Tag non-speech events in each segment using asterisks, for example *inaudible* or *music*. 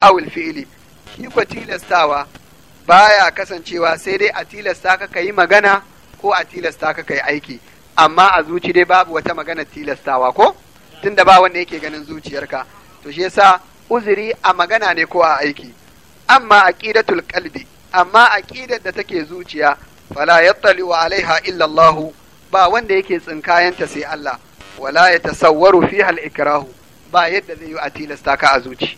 Awul, fi'ili shi ko tilastawa baya kasancewa sai dai a tilasta ka kai magana ko a tilasta ka kai aiki amma a zuci dai babu wata magana tilastawa ko tunda ba wanda yake ganin zuciyarka to shi yasa uzuri a magana ne ko a aiki amma aqidatul qalbi amma aqidar da take zuciya fala yattali'u alaiha illa Allah ba wanda yake tsinkayanta sai Allah wala yatasawwaru fiha al-ikrahu ba yadda zai yi a tilasta ka a zuci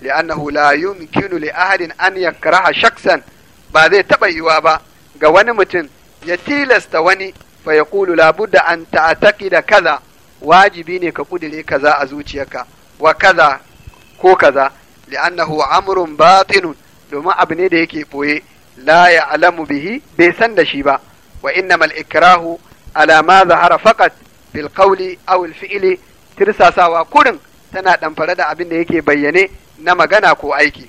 li'annahu la yumkinu li ahadin an yakraha shaksan ba zai taɓa yiwuwa ba ga wani mutum ya tilasta wani fa yaqulu la budda an da kaza wajibi ne ka ƙudire kaza a zuciyarka wa kaza ko kaza li'annahu amrun batinun domin abu da yake ɓoye la alamu bihi bai san da shi ba wa innamal ikrahu alama ma zahara faqat bil qawli aw al tirsasawa kurin tana ɗamfare da abin da yake bayyane na magana ko aiki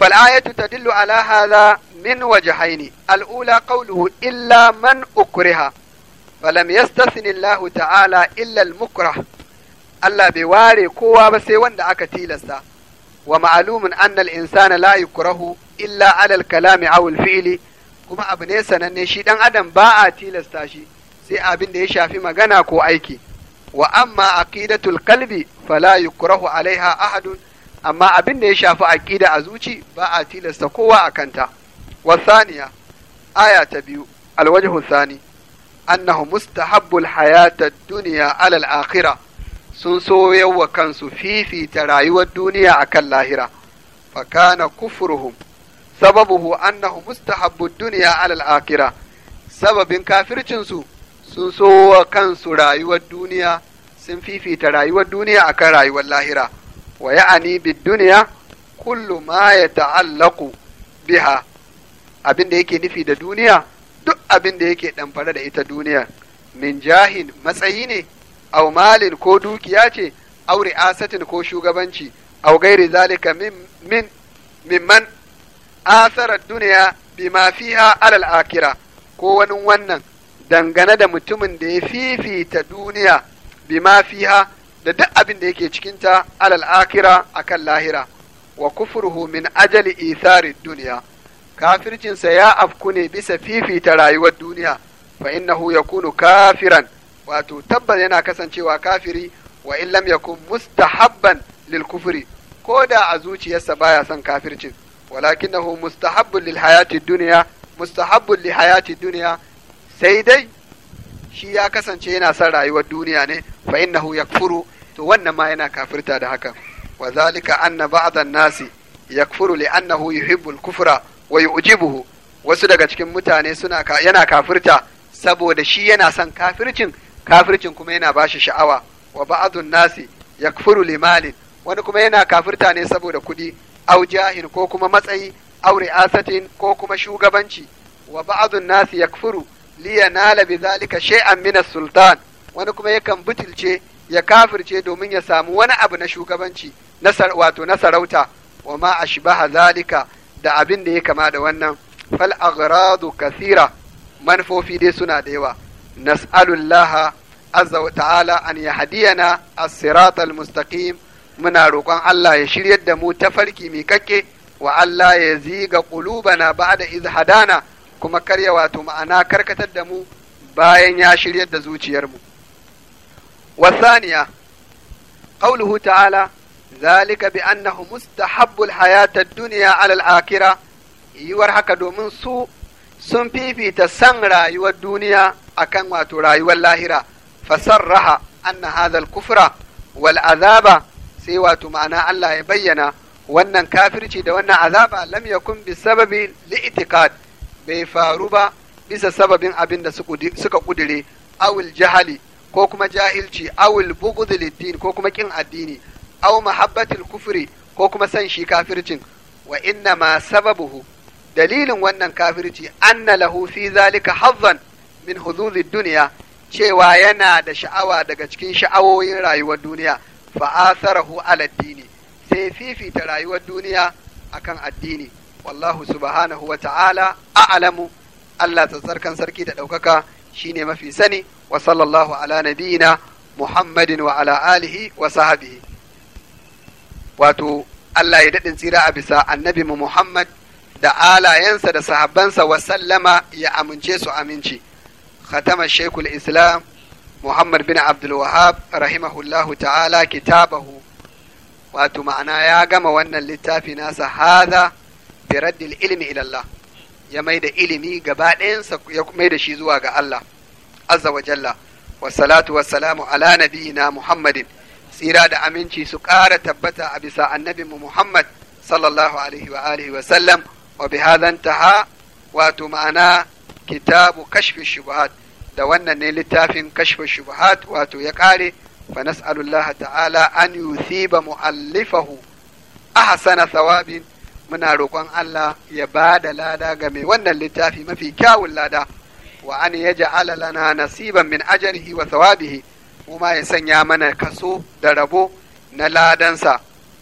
فالآية تدل على هذا من وجهين الأولى قوله إلا من أكره فلم يستثن الله تعالى إلا المكره ألا بواري قوة بسيوان دعك تيلسا ومعلوم أن الإنسان لا يكره إلا على الكلام أو الفعل كما أبنيسا نشيدا أدم باء تيلستا شي سي أبن ديشا في مغانا كو أيكي wa amma aqidatul qalbi fala yukrahu alaiha ahadun amma abin da ya shafi aqida a zuci ba a tilasta kowa a kanta wasaniya aya ta biyu alwajhu thani annahu mustahabbul hayata dunya ala al sun so yawa kansu fifita rayuwar duniya akan lahira fa kana kufruhum sababuhu annahu mustahabbu duniya alal akhira sababin kafircinsu sun so wa kansu rayuwar duniya sun fifita rayuwar duniya a kan rayuwar lahira wa ya'ani bid duniya kullu ma ya ta'allaku biha abin da yake nufi da duniya duk abin da yake ɗamfare da ita duniya min jahin matsayi ne au malin ko dukiya ce au ri'asatin ko shugabanci au gairi zalika min min mimman asarar duniya bima fiha alal akira ko wani wannan dangane da mutumin da ya fifita duniya bima fiha da duk abin da yake cikinta alal akira akan lahira wa kufruhu min ajali isari duniya kafircinsa ya afku ne bisa fifita rayuwar duniya fa innahu yakunu kafiran wato tabbas yana kasancewa kafiri wa in lam yakun mustahabban lil kufri ko da a zuciyarsa baya son kafircin walakinahu mustahabbun lil hayati duniya mustahabbun li hayati duniya sai dai shi ya kasance yana son rayuwar duniya ne fa innahu yakfuru to wannan ma yana kafirta da haka wa zalika anna ba'dan nasi yakfuru li annahu yuhibbu al-kufra wa yu'jibuhu wasu daga cikin mutane suna yana kafirta saboda shi yana son kafircin kafircin kuma yana bashi sha'awa wa ba'dun nasi yakfuru li malin wani kuma yana kafirta ne saboda kuɗi au jahin ko kuma matsayi aw ri'asatin ko kuma shugabanci wa ba'dun nasi yakfuru liyanala Nalabi zalika shay'an min sultan wani kuma yakan butulce ya kafirce domin ya samu wani abu na shugabanci wato na sarauta wa ma ashbaha zalika da abin da ya kama da wannan fal aghradu kathira manfofi dai suna da yawa nas'alullaha azza wa ta'ala an yahdiyana as-siratal mustaqim muna roƙon Allah ya shiryar da mu tafarki mai kakke wa Allah ya ziga qulubana ba'da iz hadana kuma karya wato ma'ana karkatar da mu bayan ya shiryar da zuciyarmu wasaniya ƙauluhu ta'ala zalika bi annahu mustahabbul hayata duniya alal akira yiwar haka domin su sun fifita san rayuwar duniya akan wato rayuwar lahira fasarraha anna hadha kufra wal azaba sai wato ma'ana Allah ya bayyana wannan kafirci da wannan azaba lam yakun sababi li'tiqad bai faru ba bisa sababin abin da suka kudire awil jahali ko kuma jahilci awil bugudul ko kuma kin addini aw mahabbatul kufri ko kuma san shi kafircin wa inna ma sababuhu dalilin wannan kafirci anna lahu fi zalika hazzan min huzuzid cewa yana da sha'awa daga cikin sha'awoyin rayuwar duniya fa asarahu ala sai fifita rayuwar duniya akan addini wallahu subhanahu wa ta'ala a'lamu Allah tsatsarkan sarki da ɗaukaka shine mafi sani wa sallallahu ala nabiyina Muhammadin wa ala alihi wa sahabihi wato Allah ya daɗin tsira a bisa annabi mu Muhammad da alayensa da sahabbansa wa sallama ya amince su aminci khatama shekul islam Muhammad bin Abdul Wahab rahimahullahu ta'ala kitabahu wato ma'ana ya gama wannan littafi nasa hadha bi raddil ilmi ila ya mai da ilimi gaba ɗayansa ya mai da shi zuwa ga Allah azza wa ala nabiyina muhammadin tsira da aminci su ƙara tabbata a bisa annabin mu muhammad sallallahu alaihi wa alihi ma'ana kitabu kashfi shubuhat da wannan ne littafin shubuhat wato ya ta'ala an mu'allifahu ahsana muna roƙon Allah ya ba da lada ga mai wannan littafi mafi kyawun lada wa an ya ja'ala lana nasiban min ajrihi wa sawabihi kuma ya sanya mana kaso da rabo na ladansa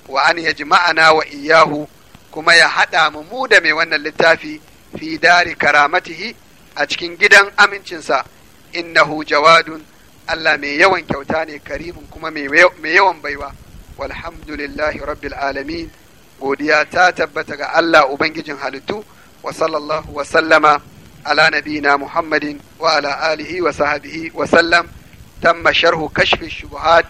wa an ya jima'ana wa iyahu kuma ya haɗa mu mu da mai wannan littafi fi dari karamatihi a cikin gidan amincinsa innahu jawadun Allah mai yawan kyauta ne karimin kuma mai yawan baiwa walhamdulillahi rabbil alamin godiya ta tabbata ga Allah ubangijin halittu wa sallallahu wa sallama ala Muhammadin wa ala alihi wa wa sallam tamma sharhu kashfi shubuhat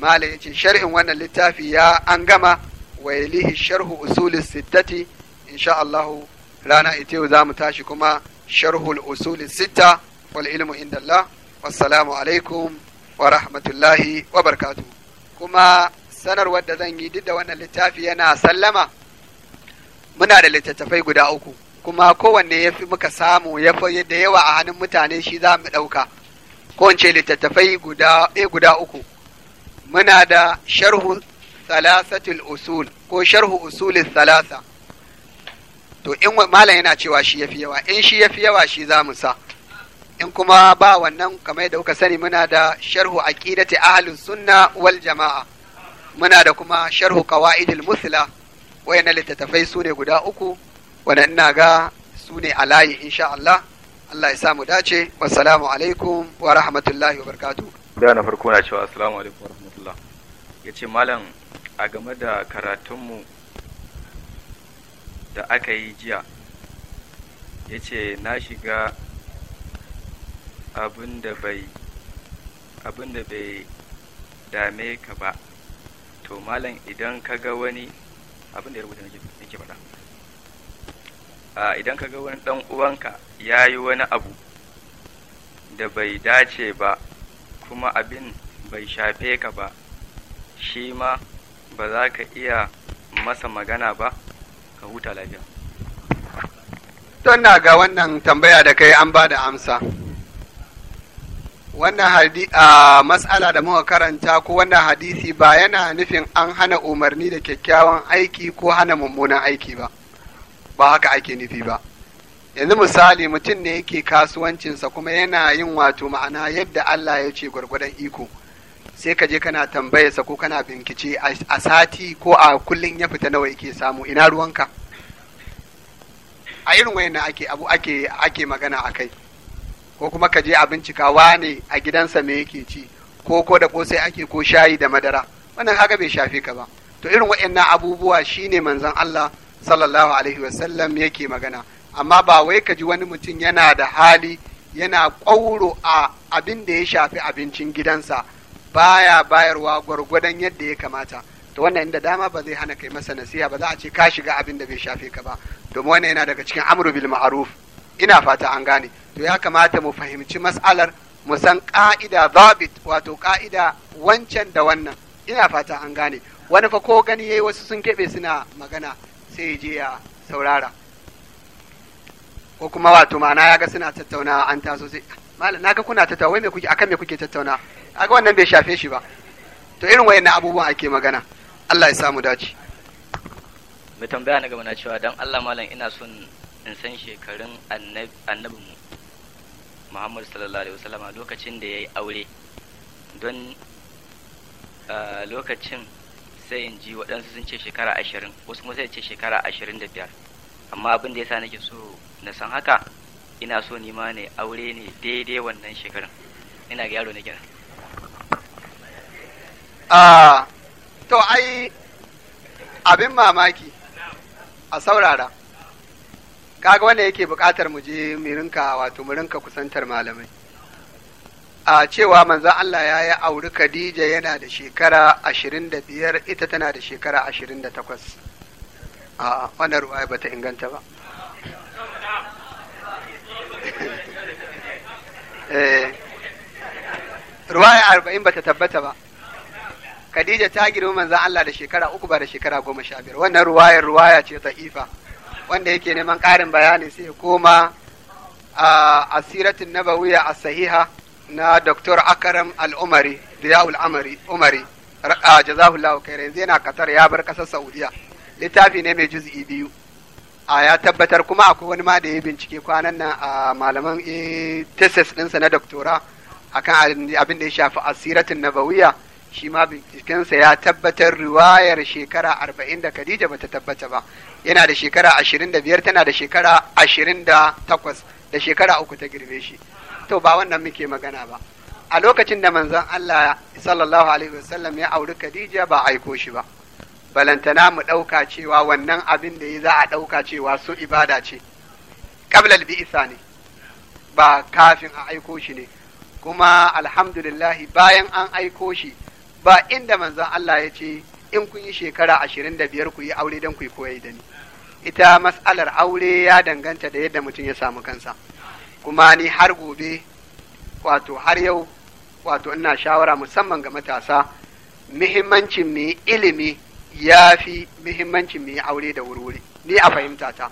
mala yace sharhin wannan littafi ya an gama wa yalihi sharhu usulis sittati insha rana ita yau zamu tashi kuma sharhul usulis sitta wal ilmu inda Allah wassalamu alaikum wa rahmatullahi wa barkatu. kuma sanarwar da zan yi duk da wannan littafi yana sallama muna da littattafai guda uku kuma kowanne ya fi muka samu ya fi da yawa a hannun mutane shi za mu ɗauka kowace littattafai eh, guda uku muna da sharhu salasatul usul ko sharhu usulin salasa to in malam yana cewa shi ya fi yawa in shi ya fi yawa shi za mu sa in kuma ba wannan kamar yadda kuka sani muna da sharhu aqidati ahlus sunna wal jama'a muna da kuma sharhu qawaidil musla wayannan littattafai su ne guda uku wanda ina ga su ne a layi insha Allah Allah ya sa mu dace wassalamu alaikum wa rahmatullahi wa barakatuh da na farko na cewa assalamu alaikum wa rahmatullah yace malam a game da karatunmu da aka yi jiya yace na shiga abin da bai dame ka ba to malam idan ka ga wani abin da ya rubuta nake faɗa idan ka ga wani ɗan uwanka ya yi wani abu da bai dace ba kuma abin bai shafe ka ba shi ma ba za ka iya masa magana ba ka huta lafiya. Don na ga wannan tambaya da kai an ba da amsa. wannan a matsala da muka karanta ko wannan hadisi ba yana nufin an hana umarni da kyakkyawan aiki ko hana mummunan aiki ba ba haka ake nufi ba yanzu misali mutum ne yake kasuwancinsa kuma yana yin wato ma'ana yadda Allah ya ce gwargwadon iko sai ka je kana tambayarsa ko kana bincike a sati ko a kullum ya fita nawa yake samu ina ruwanka a irin wayan ake abu ake ake magana akai ko kuma ka je a bincika wane a gidansa me yake ci ko ko da kosai ake ko shayi da madara wannan haka bai shafe ka ba to irin waɗannan abubuwa shine manzon Allah sallallahu alaihi wasallam yake magana amma ba wai ka ji wani mutum yana da hali yana kwauro a abin da ya shafi abincin gidansa baya bayarwa gwargwadon yadda ya kamata to wannan inda dama ba zai hana kai masa nasiha ba za a ce ka shiga abin da bai shafe ka ba domin wannan yana daga cikin amru bil ma'ruf ina fata an gane to ya kamata mu fahimci mas'alar mu san ka'ida zabit wato ka'ida wancan da wannan ina fata an gane wani fa ko gani yayi wasu sun kebe suna magana sai je ya saurara ko kuma wato ma'ana ya ga suna tattauna an taso sai malam naga kuna tattauna wai me kuke akan me kuke tattauna kaga wannan bai shafe shi ba to irin wayannan abubuwan ake magana Allah ya samu dace Mu tambaya na gaba na cewa dan Allah malam ina son in san shekarun annabin muhammadu sallallahu alaihi wasallama lokacin da ya yi aure don lokacin sai in ji waɗansu sun ce shekara ashirin wasu kuma sai ce shekara ashirin da biyar amma abin da ya sa nake so na san haka ina so nima ne aure ne daidai wannan shekarun ina ga yaro na gina. to ai abin mamaki a saurara kaga wanda yake buƙatar mu je mu rinka wato mu rinka kusantar malamai a cewa manzan Allah ya yi auri Khadija yana da shekara ashirin da biyar ita tana da shekara ashirin da takwas a wannan ruwa ba ta inganta ba *laughs* eh, ruwaya arba'in ba ta tabbata ba Khadija ta girma manzan Allah da shekara uku ba da shekara goma sha biyar wannan ruwayar ruwaya ce ta ifa wanda yake neman ƙarin bayani sai koma a asiratin nabawiya a sahiha na Dr. Akaram Al-Umari, Umari, a jazahullahu kai yanzu yana katar ya bar ƙasar Saudiya. Littafi ne mai juz'i biyu. A ya tabbatar kuma akwai wani ma da ya bincike kwanan nan a malaman eh, tesis ɗinsa na doktora akan abin da ya shafi asiratin nabawiya shi ma bincikensa ya tabbatar riwayar shekara arba'in da Khadija bata tabbata ba yana da shekara ashirin da biyar tana da shekara ashirin da takwas da shekara uku ta girbe shi to ba wannan muke magana ba a lokacin da manzon Allah sallallahu alaihi wasallam ya auri Khadija ba aiko shi ba balantana mu ɗauka cewa wannan abin da ya za a ɗauka cewa su ibada ce kablal bi'isa ne ba kafin a aiko shi ne kuma alhamdulillah bayan an aiko shi ba inda manzon Allah ya ce in kun yi shekara ashirin da biyar ku yi aure don ku yi koyai da ni ita mas'alar aure ya danganta da yadda mutum ya samu kansa kuma ni har gobe wato har yau wato ina shawara musamman ga matasa muhimmancin mu ilimi ya fi muhimmancin mu aure da wurwuri ni a fahimta ta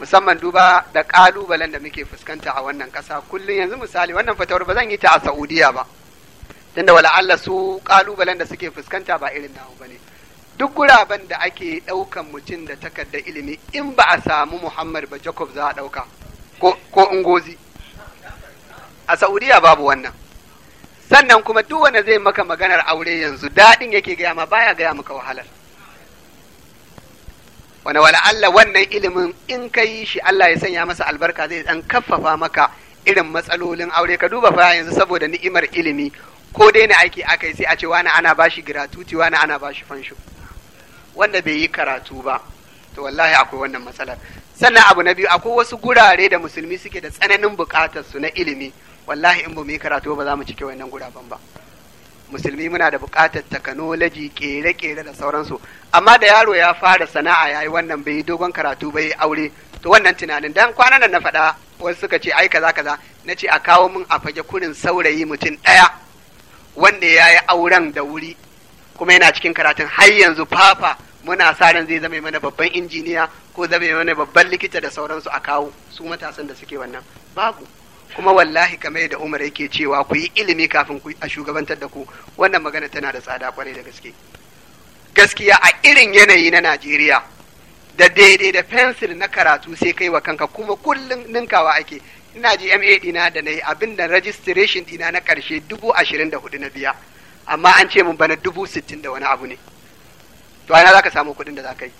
musamman duba da ƙalubalen da muke fuskanta a wannan ƙasa kullum yanzu misali wannan fatawar ba zan yi ta a Saudiya ba tunda wala Allah su kalubalen da suke fuskanta ba irin namu bane duk guraben da ake ɗaukan mutum da takardar ilimi in ba a samu Muhammad ba Jacob za a ɗauka ko ungozi a Saudiya babu wannan sannan kuma duk wanda zai maka maganar aure yanzu daɗin yake gaya ma baya gaya maka wahalar wani wala wannan ilimin in ka yi shi Allah ya sanya masa albarka zai dan kaffafa maka irin matsalolin aure ka duba fa yanzu saboda ni'imar ilimi ko dai daina aiki aka yi sai a ce wani ana bashi gratuity wani ana bashi fansho wanda bai yi karatu ba to wallahi akwai wannan matsalar sannan abu na biyu akwai wasu gurare da musulmi suke da tsananin bukatar su na ilimi wallahi in ba mu yi karatu ba za mu cike wannan guraben ba musulmi muna da bukatar takanoloji kere-kere da sauransu amma da yaro ya fara sana'a ya yi wannan bai yi dogon karatu bai yi aure to wannan tunanin dan kwanan nan na faɗa wasu suka ce ai kaza kaza na ce a kawo min a fage kurin saurayi mutum ɗaya wanda ya yi auren da wuri kuma yana cikin karatun har yanzu fafa muna sa ran zai zama mana babban injiniya ko zama mana babban likita da sauransu a kawo su matasan da suke wannan babu kuma wallahi kamar da umar yake cewa ku yi ilimi kafin ku a shugabantar da ku wannan magana tana da tsada kwarai da gaske gaskiya a irin yanayi na najeriya da daidai da fensil na karatu sai kai wa kanka kuma kullum ninkawa ake ina ji ma dina da na yi abin da registration dina na ƙarshe dubu ashirin da hudu na biya amma an ce mun bana dubu sittin da wani abu ne to ana za ka samu kuɗin da za ka yi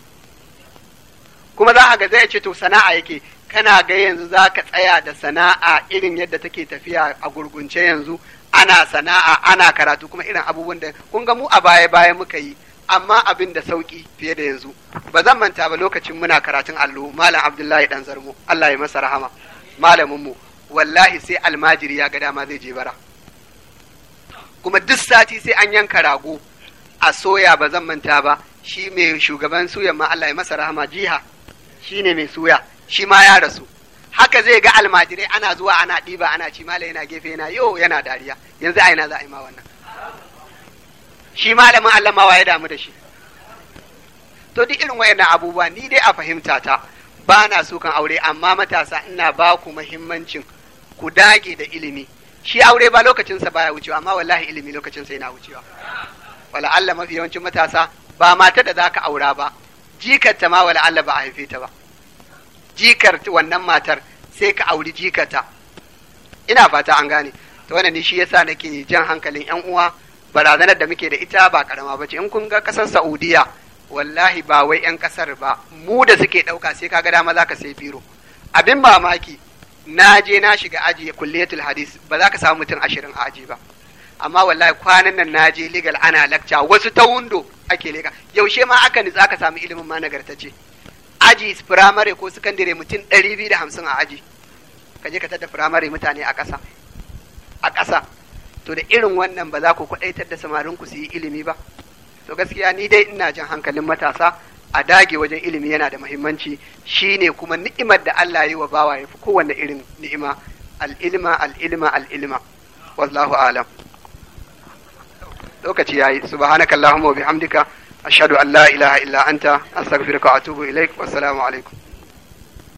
kuma za a ga zai ce to sana'a yake kana ga yanzu za ka tsaya da sana'a irin yadda take tafiya a gurgunce yanzu ana sana'a ana karatu kuma irin abubuwan da kun ga mu a baya baya muka yi amma abin da sauki fiye da yanzu ba zan manta ba lokacin muna karatun allo malam abdullahi dan zarmo allah ya masa rahama malaminmu wallahi sai almajiri ya ga dama zai je bara kuma duk sati sai an yanka rago a soya ba zan manta ba shi mai shugaban suyan ma Allah ya masa rahama jiha shi ne mai suya shi ma ya rasu haka zai ga almajirai ana zuwa ana ɗiba ana ci malai yana gefe yana yo yana dariya yanzu a ina za a yi ma wannan shi malamin Allah ma ya damu da shi to duk irin wayannan abubuwa ni dai a fahimta ta ba na so kan aure amma matasa ina ba ku muhimmancin ku dage da ilimi shi aure ba lokacinsa baya wucewa amma wallahi ilimi lokacinsa yana wucewa wala Allah mafi yawancin matasa ba mata da zaka aura ba jikarta ma wala Allah ba a haife ta ba jikar wannan matar sai ka auri jikarta ina fata an gane to wannan ne shi yasa nake jan hankalin yan uwa barazanar da muke da ita ba karama ce, in kun ga kasar Saudiya wallahi ba wai 'yan kasar ba mu da suke ɗauka sai kaga dama za ka sai biro abin mamaki na je na shiga aji ya kulliyatul hadis ba za ka samu mutum ashirin a aji ba amma wallahi kwanan nan na je legal ana lakca wasu ta wundo ake lega yaushe ma aka nitsa ka samu ilimin ma nagartacce aji firamare ko sakandare mutum ɗari biyu da hamsin a aji ka je ka tada firamare mutane a ƙasa a ƙasa to da irin wannan ba za ku kwaɗaitar da samarin ku su yi ilimi ba To gaskiya ni dai ina jin hankalin matasa a dage wajen ilimi yana da muhimmanci shine kuma ni'imar da Allah yi wa bawa ya fi kowanne irin ni'ima al'ilma al'ilma al'ilma wallahu alam lokaci yayi subhanaka allahumma wa bihamdika ashhadu an la ilaha illa anta astaghfiruka wa atubu ilaik wassalamu alaikum